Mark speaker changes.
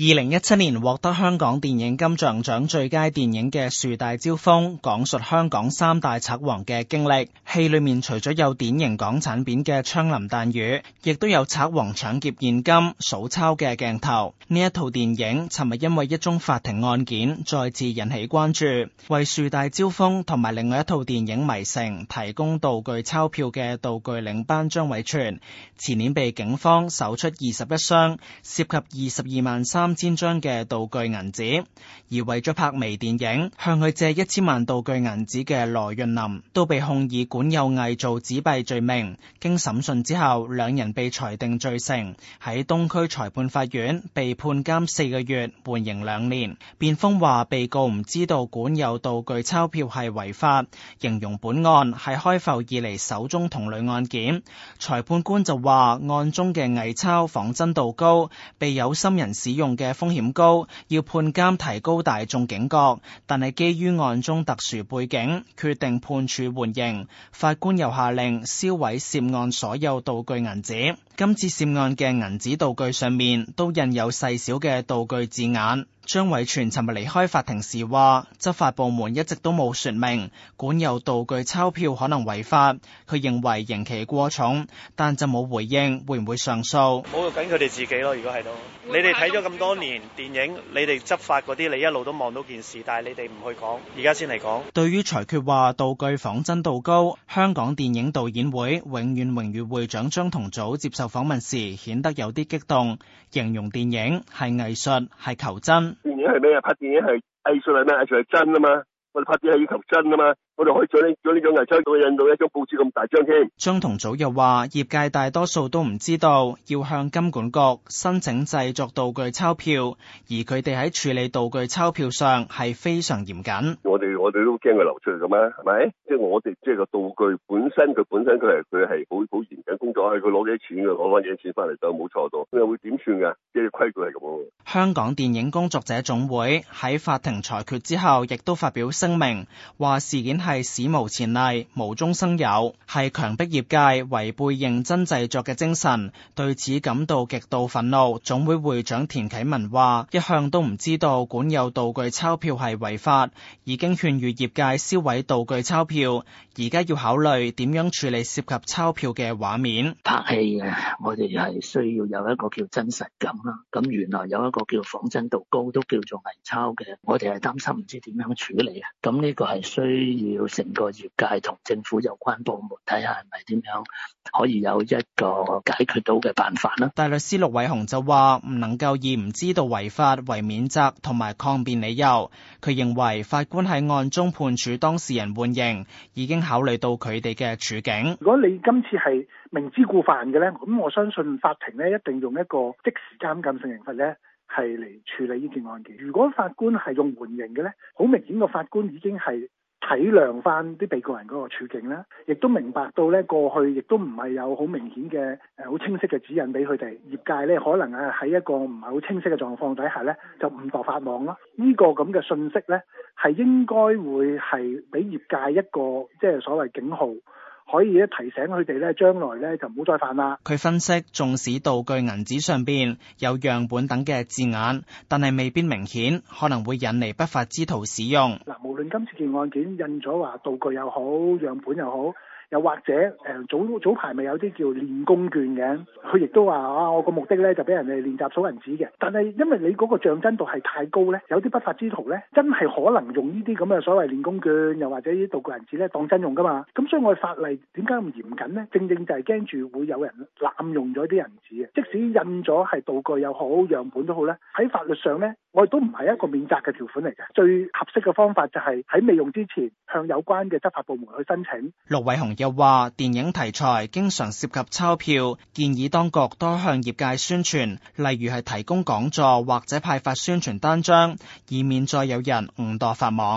Speaker 1: 二零一七年獲得香港電影金像獎最佳電影嘅《樹大招風》，講述香港三大賊王嘅經歷。戲裏面除咗有典型港產片嘅槍林彈雨，亦都有賊王搶劫現金、數鈔嘅鏡頭。呢一套電影尋日因為一宗法庭案件再次引起關注，為《樹大招風》同埋另外一套電影《迷城》提供道具鈔票嘅道具領班張偉全，前年被警方搜出二十一箱，涉及二十二萬三。三千張嘅道具銀紙，而為咗拍微電影向佢借一千萬道具銀紙嘅羅潤林，都被控以管有偽造紙幣罪名。經審訊之後，兩人被裁定罪成，喺東區裁判法院被判監四個月，緩刑兩年。辯方話被告唔知道管有道具鈔票係違法，形容本案係開埠以嚟首宗同類案件。裁判官就話案中嘅偽鈔仿真度高，被有心人使用嘅風險高，要判監提高大眾警覺，但係基於案中特殊背景，決定判處緩刑。法官又下令銷毀涉案所有道具銀紙。今次涉案嘅銀紙道具上面都印有細小嘅道具字眼。張偉全尋日離開法庭時話，執法部門一直都冇說明管有道具鈔票可能違法。佢認為刑期過重，但就冇回應會唔會上訴。侮辱緊佢哋自己咯，如果係咯，都會會你哋睇咗咁多年，嗯，電影，你哋執法嗰啲，你一路都望到件事，但係你哋唔去講，而家先嚟講。對於裁決話道具仿眞度高，香港電影導演會永遠榮譽會長張同祖接受訪問時顯得有啲激動，形容電影係藝術，係求真。
Speaker 2: 電影係咩啊？拍電影係藝術嚟咩？藝術係真噶嘛，我哋拍電影係要求真
Speaker 1: 噶嘛。我哋可以做呢咗呢種泥漿，到印度一張報紙咁大張添。張同祖又話：業界大多數都唔知道要向金管局申請製作道具鈔票，而佢哋喺處理道具鈔票上係非常嚴謹。
Speaker 2: 我哋我哋都驚佢流出嚟噶咩？係咪？即係我哋即係個道具本身，佢本身佢係佢係好好嚴謹工作，佢攞幾多錢噶，攞翻幾多錢翻嚟就冇錯到。佢又會點算噶？即係規矩係咁。
Speaker 1: 香港電影工作者總會喺法庭裁決之後，亦都發表聲明，話事件係史無前例，無中生有，係強迫業界違背認真製作嘅精神，對此感到極度憤怒。總會會長田啟文話，一向都唔知道管有道具鈔票係違法，已經勸喻業界銷毀道具鈔票，而家要考慮點樣處理涉及鈔票嘅畫面。拍戲嘅，我哋係需要有一個叫真實感啦。咁原來有一個叫仿真度高都叫做偽鈔嘅，我哋係擔心唔知點樣處理啊。咁呢個係需要。要成個業界同政府有關部門睇下，係咪點樣可以有一個解決到嘅辦法呢？大律師陸偉雄就話唔能夠以唔知道違法為免責同埋抗辯理由。佢認為法官喺案中判處當事人緩刑，已經考慮到佢哋嘅處境。如
Speaker 2: 果你今次係明知故犯嘅咧，咁我相信法庭咧一定用一個即時監禁性刑罰咧，係嚟處理呢件案件。如果法官係用緩刑嘅咧，好明顯個法官已經係。體諒翻啲被告人嗰個處境啦，亦都明白到呢，過去亦都唔係有好明顯嘅誒好清晰嘅指引俾佢哋業界呢，可能係喺一個唔係好清晰嘅狀況底下呢，就誤墮法網咯。呢、這個咁嘅信息呢，係應該會係俾業界一個即係、就是、所謂警號。可以提醒佢哋咧，將來咧就唔好再
Speaker 1: 犯啦。佢分析，縱使道具銀紙上邊有樣本等嘅字眼，但係未必明顯，可能會引嚟不法之徒使用。
Speaker 2: 嗱，無論今次件案件印咗話道具又好，樣本又好。又或者誒、呃，早早排咪有啲叫練功券嘅，佢亦都話啊，我個目的咧就俾人哋練習數銀紙嘅。但係因為你嗰個像真度係太高咧，有啲不法之徒咧，真係可能用呢啲咁嘅所謂練功券，又或者呢啲道具銀紙咧當真用㗎嘛。咁所以我哋法例點解咁嚴謹咧？正正就係驚住會有人濫用咗啲銀紙嘅，即使印咗係道具又好、樣本都好咧，喺法律上咧，我哋都唔係一個免責嘅條款嚟嘅。最合適嘅方法就係喺未用之前，向有關嘅執法部門去申請。
Speaker 1: 陸偉雄。又話電影題材經常涉及鈔票，建議當局多向業界宣傳，例如係提供講座或者派發宣傳單張，以免再有人誤墮法網。